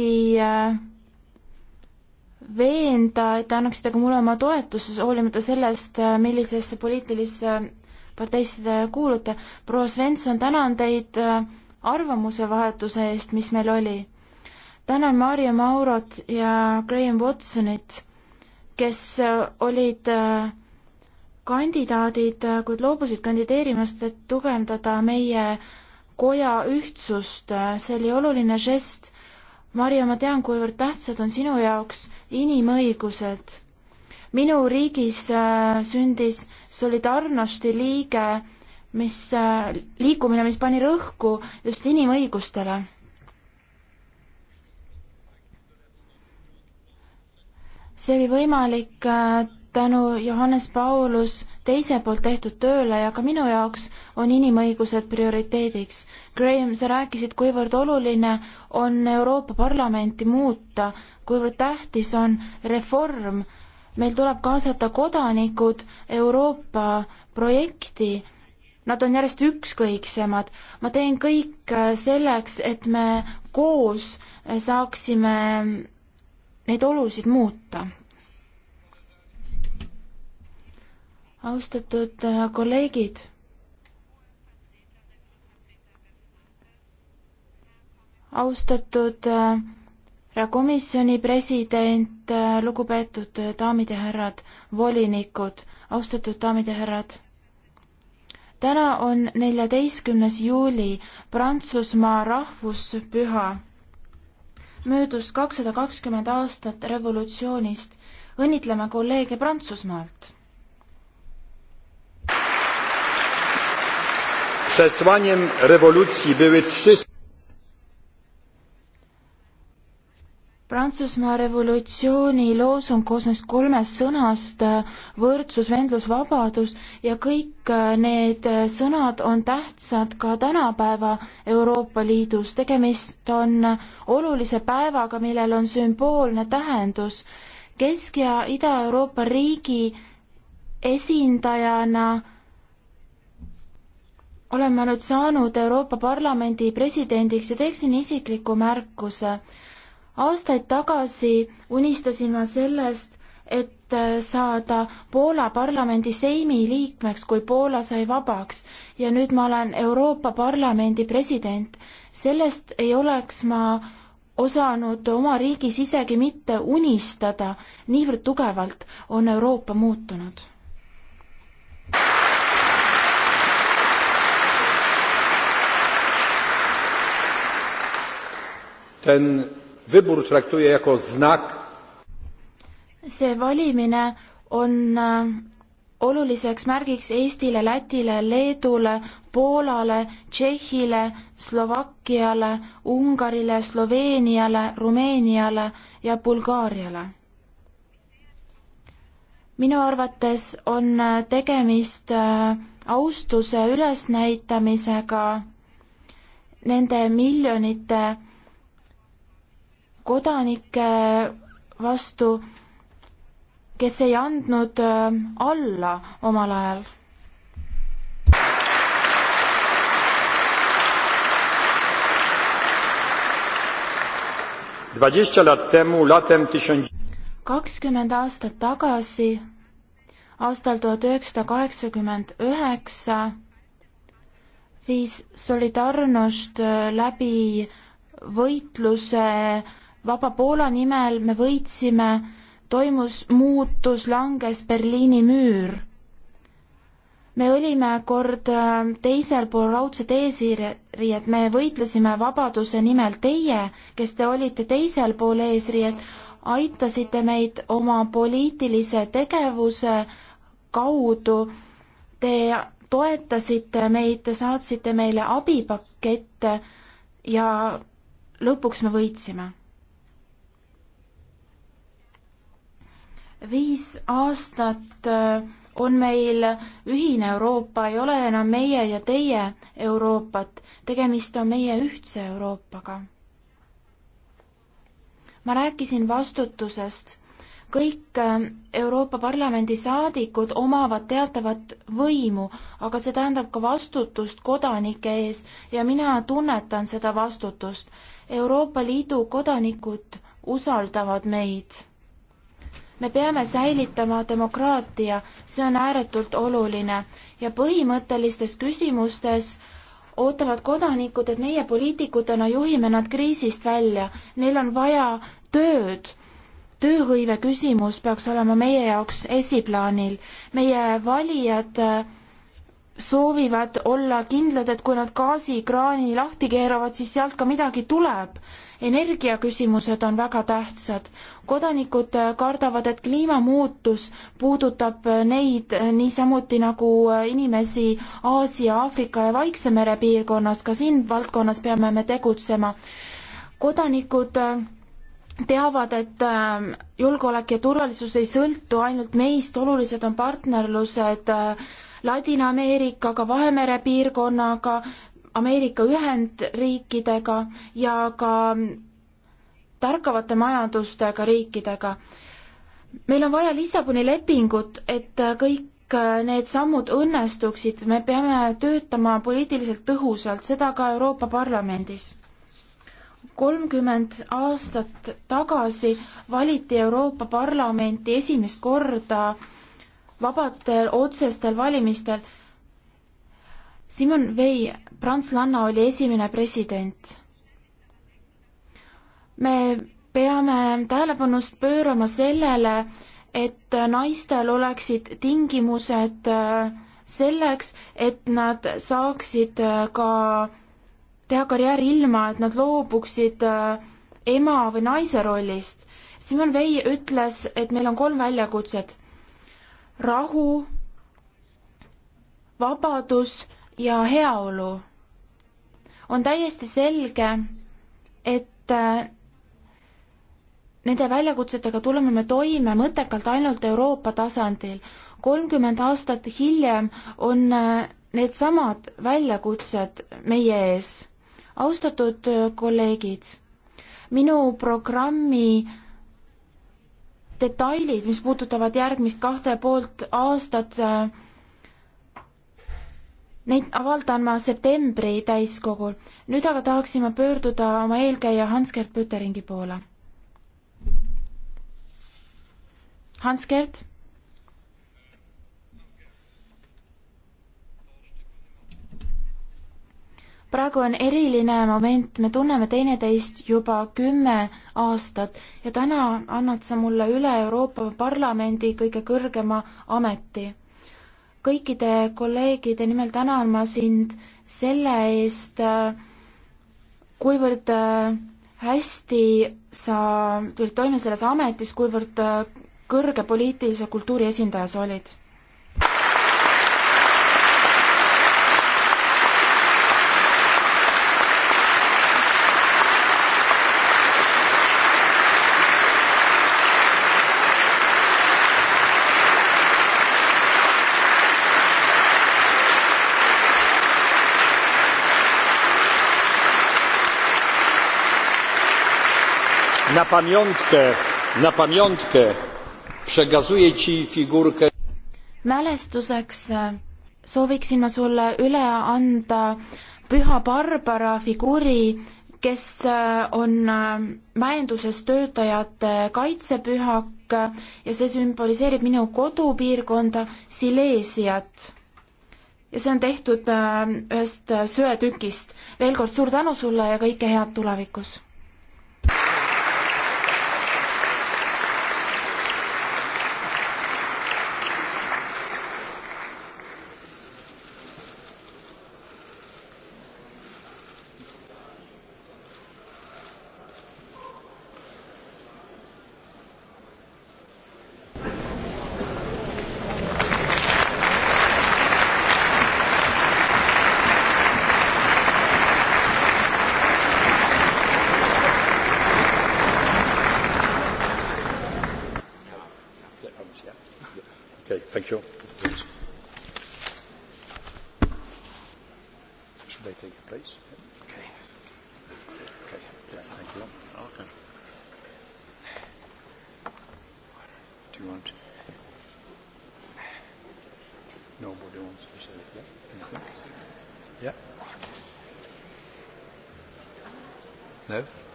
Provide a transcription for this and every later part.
siiski äh, veenda, et te annaksite ka mulle oma toetuse, hoolimata sellest, äh, millisesse poliitilisse parteisse te kuulute. proua Svensson, tänan teid äh, arvamuse vahetuse eest, mis meil oli. tänan Maarja Maurot ja Graham Watsonit, kes olid kandidaadid, kuid loobusid kandideerimast, et tugevdada meie koja ühtsust, see oli oluline žest Marja, ma tean, kuivõrd tähtsad on sinu jaoks inimõigused. minu riigis äh, sündis Solidarnosti liige, mis äh,, liikumine, mis pani rõhku just inimõigustele. see oli võimalik äh, tänu Johannes Paulus teise poolt tehtud tööle ja ka minu jaoks on inimõigused prioriteediks. Graham, sa rääkisid, kuivõrd oluline on Euroopa Parlamenti muuta, kuivõrd tähtis on reform. meil tuleb kaasata kodanikud Euroopa projekti. Nad on järjest ükskõiksemad. ma teen kõik selleks, et me koos saaksime neid olusid muuta austatud äh, kolleegid. austatud äh, komisjoni president, äh, lugupeetud daamid ja härrad, volinikud, austatud daamid ja härrad. täna on neljateistkümnes juuli, Prantsusmaa rahvuspüha. möödus kakssada kakskümmend aastat revolutsioonist. õnnitleme kolleege Prantsusmaalt Przesłaniem rewolucji były trzy... Prantsusmaa revolutsiooni loosung koosnes kolmest sõnast võrdsus, vendlus, vabadus ja kõik äh, need äh, sõnad on tähtsad ka tänapäeva Euroopa Liidus. tegemist on olulise päevaga, millel on sümboolne tähendus. Kesk- ja Ida-Euroopa riigi esindajana olen ma nüüd saanud Euroopa Parlamendi presidendiks ja teeksin isikliku märkuse. aastaid tagasi unistasin ma sellest, et saada Poola parlamendi seimi liikmeks, kui Poola sai vabaks ja nüüd ma olen Euroopa Parlamendi president. sellest ei oleks ma osanud oma riigis isegi mitte unistada, niivõrd tugevalt on Euroopa muutunud ten wybór traktuję jako znak. see valimine on äh, oluliseks märgiks Eestile, Lätile, Leedule, Poolale, Tšehhile, Slovakkiale, Ungarile, Sloveeniale, Rumeeniale ja Bulgaariale. minu arvates on äh, tegemist äh, austuse ülesnäitamisega nende miljonite kodanike vastu, kes ei andnud äh, alla omal ajal dwadzieścia lat temu latem kakskümmend aastat tagasi aastal tuhat üheksasada kaheksakümmend üheksa viis Solidarnost äh, läbi võitluse Vaba Poola nimel me võitsime, toimus muutus, langes Berliini müür. me olime kord äh, teisel pool raudse eesriiri, et me võitlesime vabaduse nimel, teie, kes te olite teisel pool eesriiet, aitasite meid oma poliitilise tegevuse kaudu, te toetasite meid, te saatsite meile abipakette ja lõpuks me võitsime viis aastat äh, on meil ühine Euroopa, ei ole enam meie ja teie Euroopat, tegemist on meie ühtse Euroopaga. ma rääkisin vastutusest. kõik äh, Euroopa Parlamendi saadikud omavad teatavat võimu, aga see tähendab ka vastutust kodanike ees ja mina tunnetan seda vastutust. Euroopa Liidu kodanikud usaldavad meid me peame säilitama demokraatia, see on ääretult oluline ja põhimõttelistes küsimustes ootavad kodanikud, et meie poliitikutena juhime nad kriisist välja, neil on vaja tööd. tööhõive küsimus peaks olema meie jaoks esiplaanil. meie valijad eh, soovivad olla kindlad, et kui nad gaasikraani lahti keeravad, siis sealt ka midagi tuleb energiaküsimused on väga tähtsad. kodanikud äh, kardavad, et kliimamuutus puudutab äh, neid äh, niisamuti nagu inimesi Aasia, Aafrika ja Vaikse mere piirkonnas, ka siin valdkonnas peame me tegutsema. kodanikud teavad, et julgeolek ja turvalisus ei sõltu ainult meist, olulised on partnerlused Ladina-Ameerikaga, Vahemere piirkonnaga, Ameerika Ühendriikidega ja ka tärkavate majandustega riikidega. meil on vaja Lissaboni lepingut, et kõik need sammud õnnestuksid, me peame töötama poliitiliselt tõhusalt, seda ka Euroopa Parlamendis. kolmkümmend aastat tagasi valiti Euroopa Parlamenti esimest korda vabadel otsestel valimistel Simon Vei, prantslanna, oli esimene president. me peame tähelepanust pöörama sellele, et naistel oleksid tingimused äh, selleks, et nad saaksid äh, ka teha karjääri ilma, et nad loobuksid äh, ema või naise rollist. Simon Vei ütles, et meil on kolm väljakutset. rahu, vabadus ja heaolu. on täiesti selge, et äh, nende väljakutsetega tuleme me toime mõttekalt ainult Euroopa tasandil. kolmkümmend aastat hiljem on äh, needsamad väljakutsed meie ees. austatud äh, kolleegid, minu programmi detailid, mis puudutavad järgmist kahte poolt aastat äh, Neid avaldan ma septembri täiskogul. nüüd aga tahaksime pöörduda oma eelkäija Hans-Gert Püteringi poole. Hans-Gert? praegu on eriline moment, me tunneme teineteist juba kümme aastat ja täna annad sa mulle üle Euroopa Parlamendi kõige kõrgema ameti kõikide kolleegide nimel tänan ma sind selle eest, kuivõrd äh, hästi sa tulid toime selles ametis, kuivõrd äh, kõrge poliitilise kultuuri esindaja sa olid Na pamiątkę, na pamiątkę przekazuję ci figurkę. mälestuseks e, sooviksin ma sulle üle anda püha Barbara figuuri, kes e, on e, mäenduses töötajate kaitsepühak ja see sümboliseerib minu kodupiirkonda Sileesiat. ja see on tehtud ühest söetükist. veel kord suur tänu sulle ja kõike head tulevikus!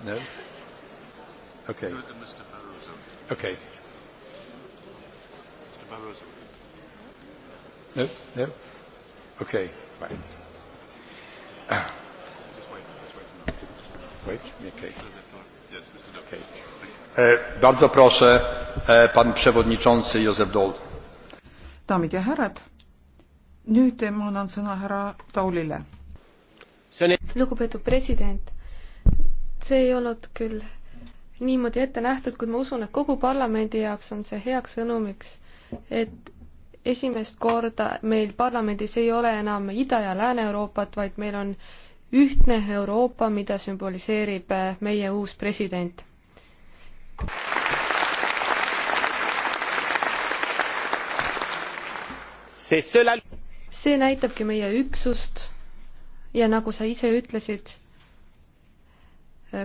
No? Okay. Mr. Barroso. Okay. Mr. Barroso. No? No? Okay. Fine. Right. Just wait. Just wait. Wait? Okay. Yes, Mr. Okay. Eh, bardzo proszę, eh, pan przewodniczący Józef Dol. Daamid ja härrad, nüüd ma annan sõna härra Taulile. lugupeetud president see ei olnud küll niimoodi ette nähtud, kuid ma usun, et kogu parlamendi jaoks on see heaks sõnumiks, et esimest korda meil parlamendis ei ole enam Ida- ja Lääne-Euroopat, vaid meil on ühtne Euroopa, mida sümboliseerib äh, meie uus president. see näitabki meie üksust ja nagu sa ise ütlesid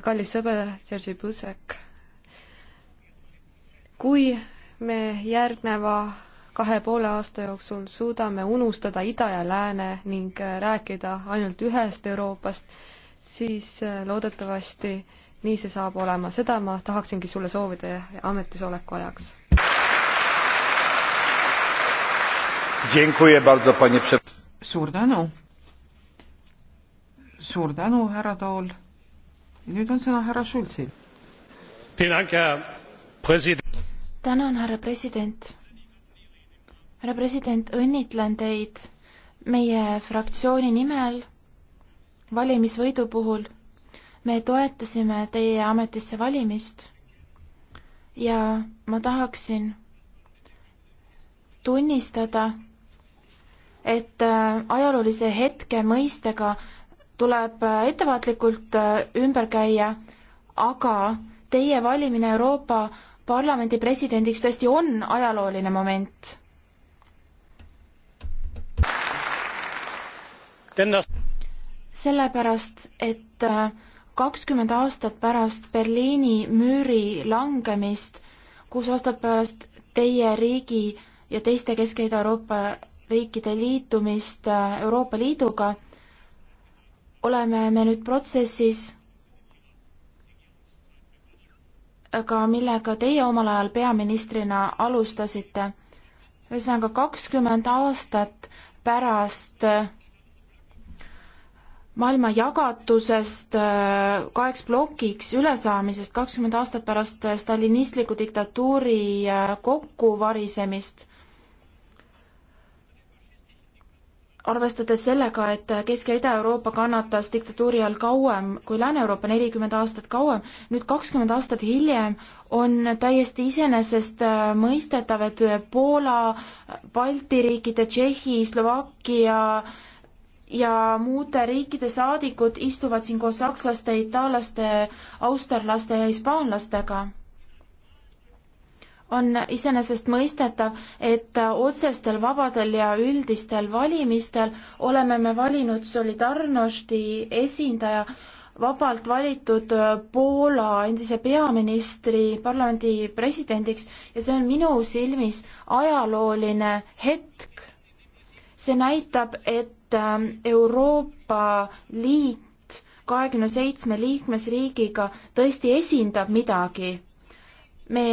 kallis sõber Jerzy Buzek, kui me järgneva kahe poole aasta jooksul suudame unustada ida ja lääne ning rääkida ainult ühest Euroopast, siis äh, loodetavasti nii see saab olema, seda ma tahaksingi sulle soovida ametisoleku ajaks. suur tänu. suur tänu, härra Tool nüüd on sõna härra Schulzil. tänan, härra president. härra president, õnnitlen teid meie fraktsiooni nimel valimisvõidu puhul. me toetasime teie ametisse valimist ja ma tahaksin tunnistada, et äh, ajaloolise hetke mõistega tuleb äh, ettevaatlikult äh, ümber käia, aga teie valimine Euroopa Parlamendi presidendiks tõesti on ajalooline moment. sellepärast, et äh, kakskümmend aastat pärast Berliini müüri langemist, kuus aastat pärast teie riigi ja teiste Kesk-Ida-Euroopa riikide liitumist Euroopa Liiduga oleme me nüüd protsessis, aga millega teie omal ajal peaministrina alustasite. ühesõnaga kakskümmend aastat pärast äh, maailma jagatusest äh, kaheks plokiks ülesaamisest, kakskümmend aastat pärast stalinistliku diktatuuri äh, kokkuvarisemist arvestades sellega, et Kesk- ja Ida-Euroopa kannatas diktatuuri all kauem kui Lääne-Euroopa, nelikümmend aastat kauem, nüüd kakskümmend aastat hiljem on täiesti iseenesestmõistetav, äh, et Poola, Balti riikide, Tšehhi, Slovakkia ja muude riikide saadikud istuvad siin koos sakslaste, itaallaste, austerlaste ja hispaanlastega on iseenesestmõistetav, et otsestel vabadel ja üldistel valimistel oleme me valinud Solidarnosti esindaja vabalt valitud Poola endise peaministri parlamendi presidendiks ja see on minu silmis ajalooline hetk. see näitab, et ähm, Euroopa Liit kahekümne seitsme liikmesriigiga tõesti esindab midagi. me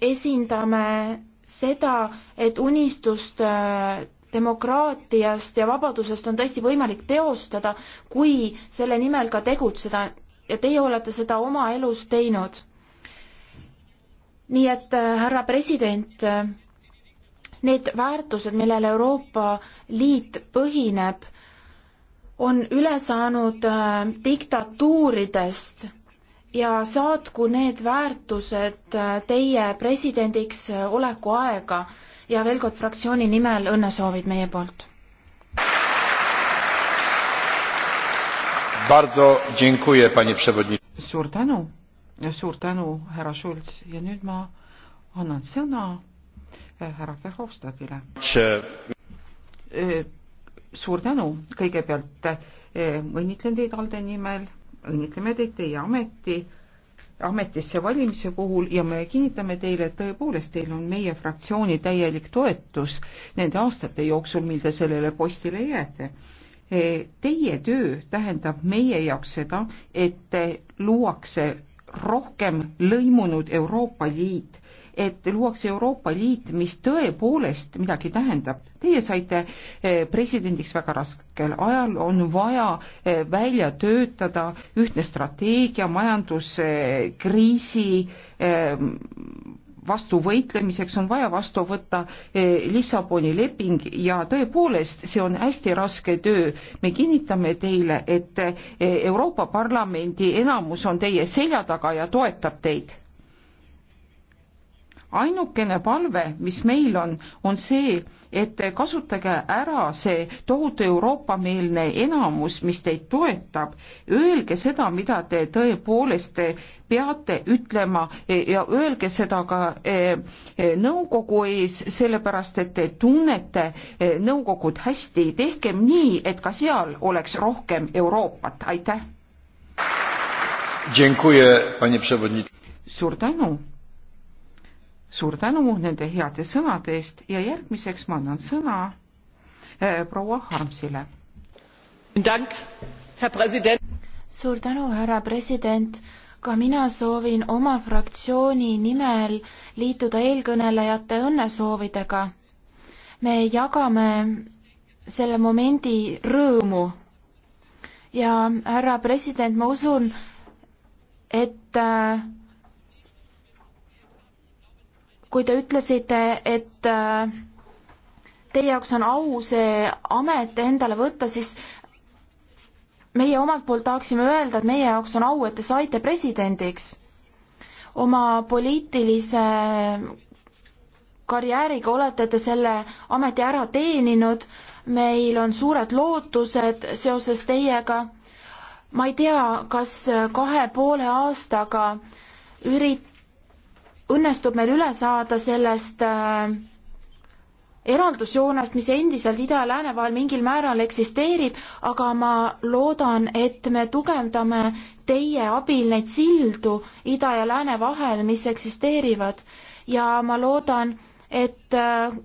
esindame seda, et unistust äh, demokraatiast ja vabadusest on tõesti võimalik teostada, kui selle nimel ka tegutseda ja teie olete seda oma elus teinud. nii et äh, härra president, äh, need väärtused, millel Euroopa Liit põhineb, on üle saanud diktatuuridest ja saatku need väärtused äh, teie presidendiks äh, oleku aega ja veel kord fraktsiooni nimel õnnesoovid meie poolt. suur tänu, suur tänu, härra Schulz ja nüüd ma annan sõna äh, härra Verhofstadile. suur tänu, kõigepealt õnnitlen teid Alde nimel õnnitleme teid teie ameti, ametisse valimise puhul ja me kinnitame teile, et tõepoolest teil on meie fraktsiooni täielik toetus nende aastate jooksul, mil te sellele postile jääte. Teie töö tähendab meie jaoks seda, et luuakse rohkem lõimunud Euroopa Liit, et luuakse Euroopa Liit, mis tõepoolest midagi tähendab. Teie saite eh, presidendiks väga raskel ajal, on vaja eh, välja töötada ühtne strateegia majanduskriisi eh, vastu võitlemiseks on vaja vastu võtta eh, Lissaboni leping ja tõepoolest, see on hästi raske töö. me kinnitame teile, et eh, Euroopa Parlamendi enamus on teie selja taga ja toetab teid ainukene palve, mis meil on, on see, et kasutage ära see tohutu Euroopa-meelne enamus, mis teid toetab, öelge seda, mida te tõepoolest peate ütlema e, ja öelge seda ka e, e, nõukogu ees, sellepärast et te tunnete nõukogud hästi, tehkem nii, et ka seal oleks rohkem Euroopat, aitäh! suur tänu! suur tänu nende heade sõnade eest ja järgmiseks ma annan sõna äh, proua Harmsile. suur tänu, härra president ka mina soovin oma fraktsiooni nimel liituda eelkõnelejate õnnesoovidega. me jagame selle momendi rõõmu. ja härra president, ma usun, et äh, kui te ütlesite, et äh, teie jaoks on au see amet endale võtta, siis meie omalt poolt tahaksime öelda, et meie jaoks on au, et te saite presidendiks. oma poliitilise karjääriga olete te selle ameti ära teeninud, meil on suured lootused seoses teiega. ma ei tea, kas kahe poole aastaga ürit-, õnnestub meil üle saada sellest äh, eraldusjoonest, mis endiselt ida ja lääne vahel mingil määral eksisteerib, aga ma loodan, et me tugevdame teie abil neid sildu ida ja lääne vahel, mis eksisteerivad. ja ma loodan, et äh,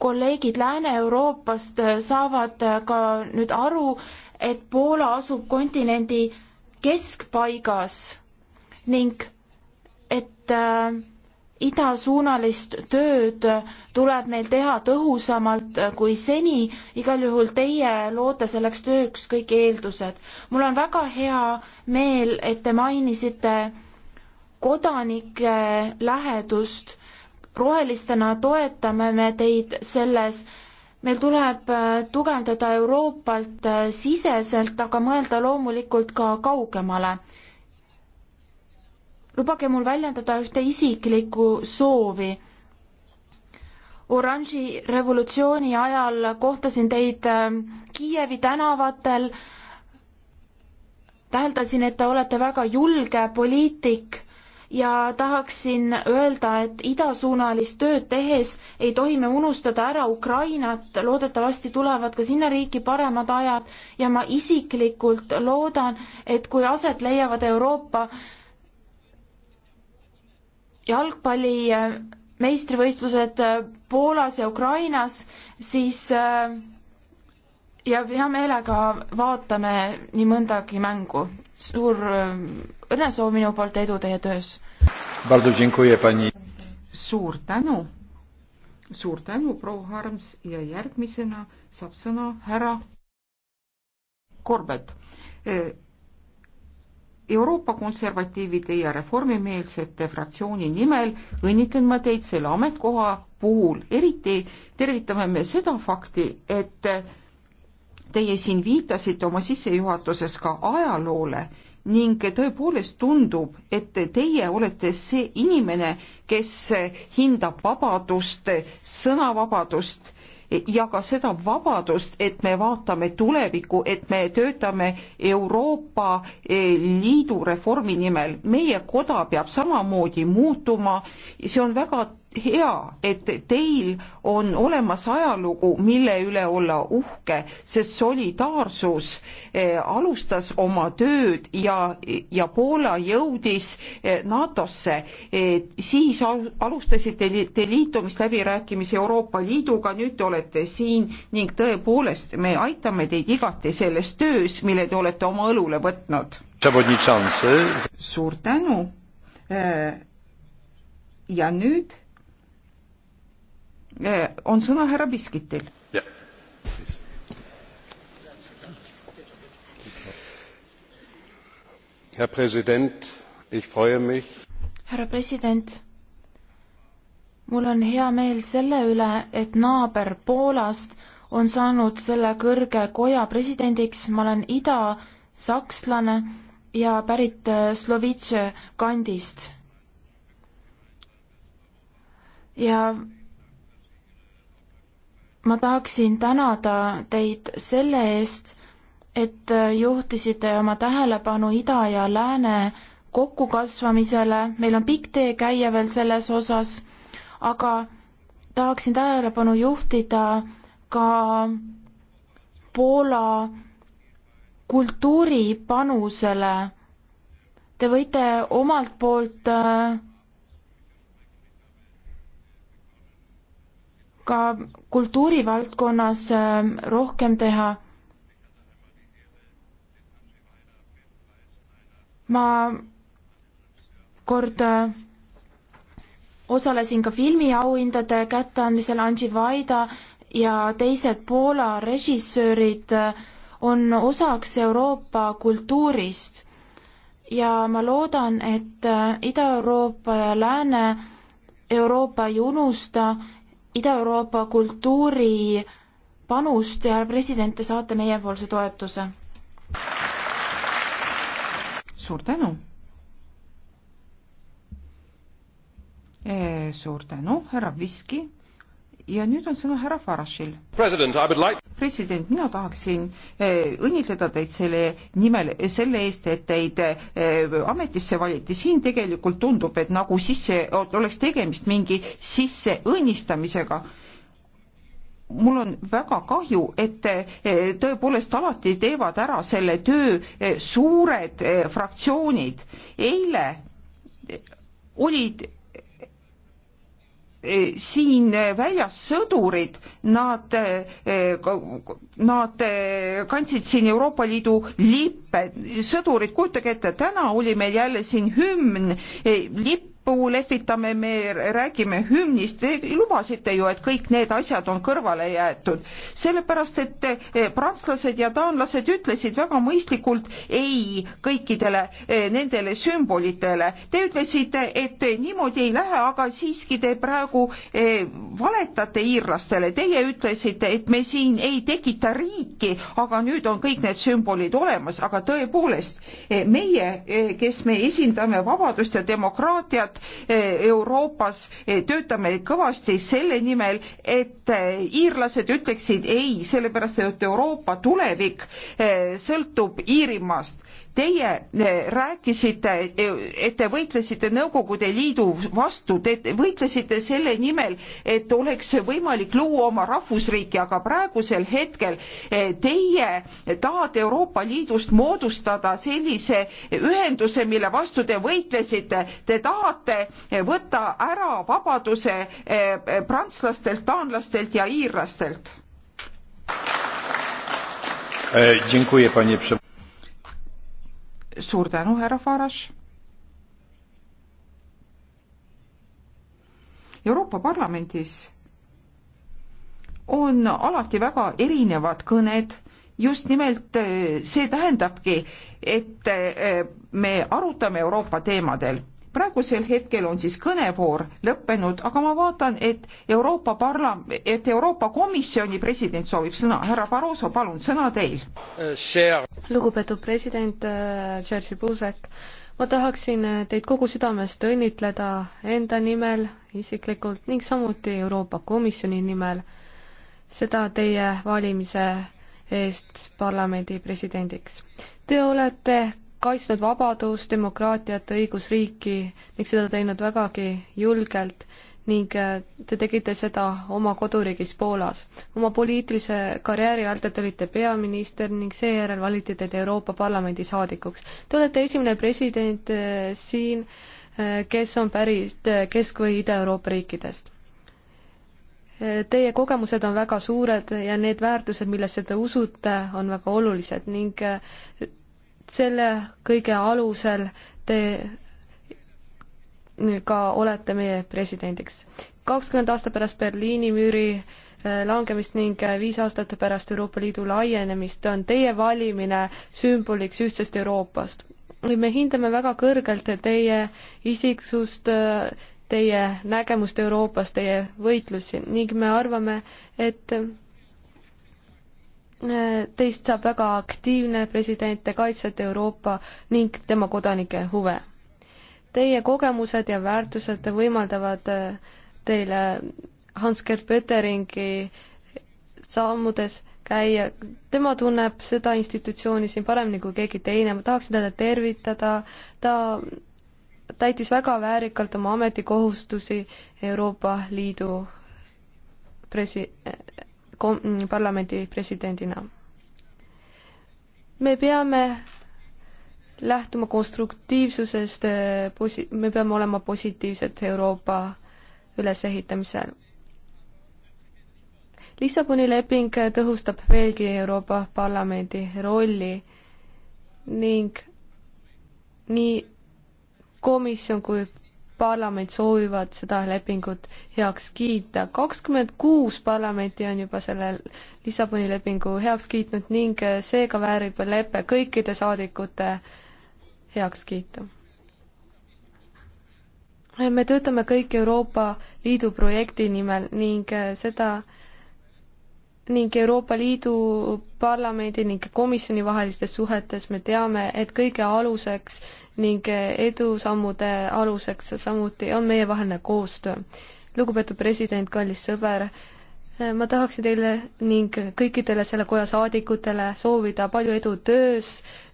kolleegid Lääne-Euroopast äh, saavad äh, ka nüüd aru, et Poola asub kontinendi keskpaigas ning et äh, idasuunalist tööd tuleb meil teha tõhusamalt kui seni, igal juhul teie loote selleks tööks kõik eeldused. mul on väga hea meel, et te mainisite kodanike lähedust. rohelistena toetame me teid selles, meil tuleb äh, tugevdada Euroopalt äh, siseselt, aga mõelda loomulikult ka kaugemale lubage mul väljendada ühte isiklikku soovi. oranži revolutsiooni ajal kohtasin teid ähm, Kiievi tänavatel, täheldasin, et te olete väga julge poliitik ja tahaksin öelda, et idasuunalist tööd tehes ei tohi me unustada ära Ukrainat, loodetavasti tulevad ka sinna riiki paremad ajad ja ma isiklikult loodan, et kui aset leiavad Euroopa jalgpalli äh, meistrivõistlused äh, Poolas ja Ukrainas, siis äh, ja hea meelega vaatame nii mõndagi mängu. suur õnnesoov minu poolt, edu teie töös! suur tänu! suur tänu, proua Harms ja järgmisena saab sõna härra Korbet Euroopa konservatiivide ja reformimeelsete fraktsiooni nimel õnnitlen ma teid selle ametkoha puhul. eriti tervitame me seda fakti, et teie siin viitasite oma sissejuhatuses ka ajaloole ning tõepoolest tundub, et teie olete see inimene, kes hindab vabadust, sõnavabadust ja ka seda vabadust, et me vaatame tulevikku, et me töötame Euroopa eh, Liidu reformi nimel. meie koda peab samamoodi muutuma, see on väga hea, et teil on olemas ajalugu, mille üle olla uhke, sest solidaarsus eh, alustas oma tööd ja, ja Poola jõudis eh, NATO-sse. Eh, siis alustasite te liitumist läbirääkimisi Euroopa Liiduga, nüüd te olete siin ning tõepoolest, me aitame teid igati selles töös, mille te olete oma õlule võtnud. suur tänu. ja nüüd Eh, on sõna härra Biskitil. härra president, härra president, mul on hea meel selle üle, et naaber Poolast on saanud selle kõrge koja presidendiks, ma olen ida-sakslane ja pärit äh, Slovitše kandist. ja ma tahaksin tänada teid selle eest, et juhtisite oma tähelepanu ida ja lääne kokkukasvamisele, meil on pikk tee käia veel selles osas, aga tahaksin tähelepanu juhtida ka Poola kultuuri panusele. Te võite omalt poolt äh, ka kultuurivaldkonnas ähm, rohkem teha. ma kord äh, osalesin ka filmiauhindade kätteandmisel, Anži Vaida ja teised Poola režissöörid äh, on osaks Euroopa kultuurist ja ma loodan, et äh, Ida-Euroopa ja Lääne-Euroopa ei unusta, Ida-Euroopa kultuuri panust ja president, te saate meiepoolse toetuse. suur tänu. Eh, suur tänu, härra Viski ja nüüd on sõna härra Farage'il. president like..., mina tahaksin eh, õnnitleda teid selle nimel, eh, selle eest, et teid eh, ametisse valiti. siin tegelikult tundub, et nagu sisse, oleks tegemist mingi sisseõnnistamisega mul on väga kahju, et tõepoolest alati teevad ära selle töö suured fraktsioonid. eile olid siin äh, väljas sõdurid, nad, äh, nad äh, kandsid siin Euroopa Liidu lippe, sõdurid, kujutage ette, täna oli meil jälle siin hümn, lipp kokku lepitame, me räägime hümnist, te lubasite ju, et kõik need asjad on kõrvale jäetud. sellepärast, et eh, prantslased ja taanlased ütlesid väga mõistlikult ei kõikidele eh, nendele sümbolitele. Te ütlesite, et niimoodi ei lähe, aga siiski te praegu eh, valetate iirlastele. Teie ütlesite, et me siin ei tekita riiki, aga nüüd on kõik need sümbolid olemas, aga tõepoolest, meie, kes me esindame vabadust ja demokraatiat, aastat eh, Euroopas eh, töötame kõvasti selle nimel, et eh, iirlased ütleksid ei, sellepärast et Euroopa tulevik sõltub Iirimaast Teie eh, rääkisite, eh, et te võitlesite Nõukogude Liidu vastu, te võitlesite selle nimel, et oleks võimalik luua oma rahvusriiki, aga praegusel hetkel eh, teie tahate Euroopa Liidust moodustada sellise ühenduse, mille vastu te võitlesite. Te tahate võtta ära vabaduse prantslastelt, taanlastelt ja iirlastelt. Dziękuję panie przewodniczący suur tänu, härra Faraš. Euroopa Parlamendis on alati väga erinevad kõned, just nimelt eh, see tähendabki, et eh, me arutame Euroopa teemadel praegusel hetkel on siis kõnevoor lõppenud, aga ma vaatan, et Euroopa parla-, et Euroopa Komisjoni president soovib sõna. härra Barroso, palun, sõna teil. lugupeetud president äh, Jerzy Buzek, ma tahaksin äh, teid kogu südamest õnnitleda enda nimel isiklikult ning samuti Euroopa Komisjoni nimel seda teie valimise eest parlamendi presidendiks. Te olete kaitsnud vabadust, demokraatiat, õigusriiki ning seda teinud vägagi julgelt ning äh, te tegite seda oma koduriigis Poolas. oma poliitilise karjääri altelt olite peaminister ning seejärel valiti teid Euroopa Parlamendi saadikuks. Te olete esimene president äh, siin, äh, kes on pärist Kesk- või Ida-Euroopa riikidest Teie kogemused on väga suured ja need väärtused, millesse te usute, on väga olulised ning selle kõige alusel te ka olete meie presidendiks. kakskümmend aasta pärast Berliini müüri äh, langemist ning äh, viis aastat pärast Euroopa Liidu laienemist on teie valimine sümboliks ühtsest Euroopast. me hindame väga kõrgelt teie isiksust, äh, teie nägemust Euroopast, teie võitlusi ning me arvame, et Teist saab väga aktiivne president, te kaitsete Euroopa ning tema kodanike huve. Teie kogemused ja väärtused võimaldavad eh, teile Hans-Gerd Pötteringi sammudes käia, tema tunneb seda institutsiooni siin paremini kui keegi teine, ma tahaksin teda tervitada, ta täitis väga väärikalt oma ametikohustusi Euroopa Liidu presi-, kom-, parlamendi presidendina. me peame lähtuma konstruktiivsusest, eh, posi-, me peame olema positiivsed Euroopa ülesehitamisel. Lissaboni leping tõhustab veelgi Euroopa Parlamendi rolli ning nii komisjon kui parlament soovivad seda lepingut heaks kiita. kakskümmend kuus parlamenti on juba selle Lissaboni lepingu heaks kiitnud ning seega väärib lepe kõikide saadikute heakskiitu. me töötame kõik Euroopa Liidu projekti nimel ning seda ning Euroopa Liidu parlamendi ning komisjoni vahelistes suhetes me teame, et kõige aluseks ning edusammude aluseks samuti on meievaheline koostöö. lugupeetud president, kallis sõber, ma tahaksin teile ning kõikidele selle koja saadikutele soovida palju edu töös,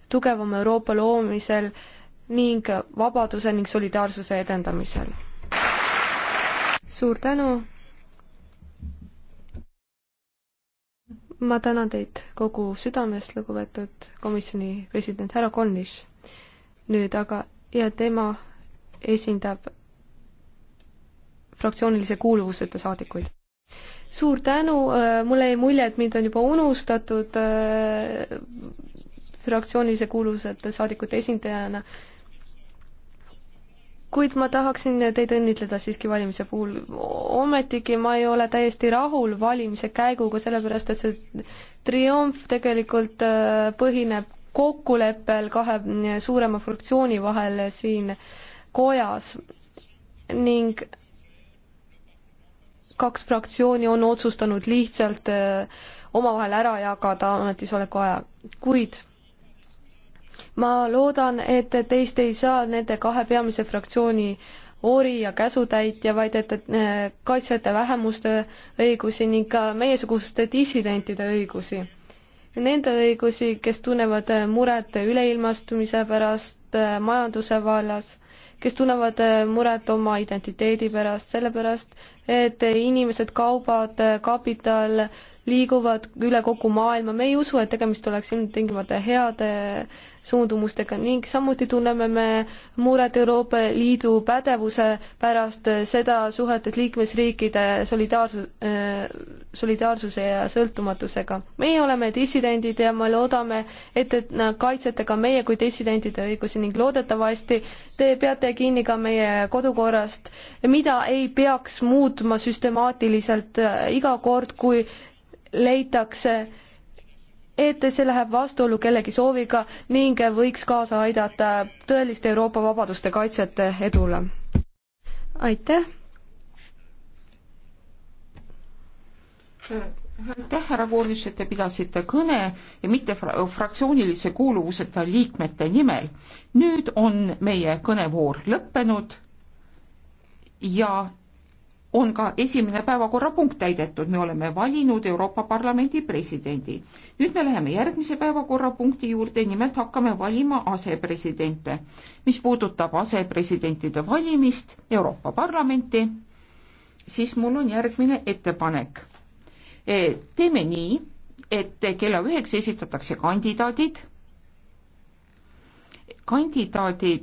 tugevama Euroopa loomisel ning vabaduse ning solidaarsuse edendamisel. suur tänu! ma tänan teid kogu südamest, lugupeetud komisjoni president härra Konnis. nüüd aga, ja tema esindab fraktsioonilise kuuluvuseta saadikuid. suur tänu, äh, mulle jäi mulje, et mind on juba unustatud äh, fraktsioonilise kuuluvuseta saadikute esindajana kuid ma tahaksin teid õnnitleda siiski valimise puhul. ometigi ma ei ole täiesti rahul valimise käiguga, sellepärast et see triumf tegelikult äh, põhineb kokkuleppel kahe äh, suurema fraktsiooni vahel siin kojas ning kaks fraktsiooni on otsustanud lihtsalt äh, omavahel ära jagada ametisoleku aja, kuid ma loodan, et teist ei saa nende kahe peamise fraktsiooni oori ja käsutäitja, vaid et, et äh, kaitsete vähemuste õigusi ning ka meiesuguste dissidentide õigusi. Nende õigusi, kes tunnevad äh, muret üleilmastumise pärast äh, majanduse vallas, kes tunnevad muret oma identiteedi pärast, sellepärast et inimesed, kaubad, kapital, liiguvad üle kogu maailma, me ei usu, et tegemist oleks ilmtingimata heade suundumustega ning samuti tunneme me muret Euroopa Liidu pädevuse pärast seda suhetes liikmesriikide solidaarsus, äh, solidaarsuse ja sõltumatusega. meie oleme dissidendid ja me loodame, et, et kaitsete ka meie kui dissidentide õigusi ning loodetavasti te peate kinni ka meie kodukorrast, mida ei peaks muutma süstemaatiliselt äh, iga kord, kui leitakse, et see läheb vastuollu kellegi sooviga ning võiks kaasa aidata tõeliste Euroopa vabaduste kaitsjate edule. aitäh. aitäh, härra Voornis, et te pidasite kõne ja mitte fra fraktsioonilise kuuluvuseta liikmete nimel. nüüd on meie kõnevoor lõppenud ja on ka esimene päevakorrapunkt täidetud, me oleme valinud Euroopa Parlamendi presidendi. nüüd me läheme järgmise päevakorrapunkti juurde, nimelt hakkame valima asepresidente. mis puudutab asepresidentide valimist Euroopa Parlamenti, siis mul on järgmine ettepanek. E, teeme nii, et kella üheks esitatakse kandidaadid, kandidaadid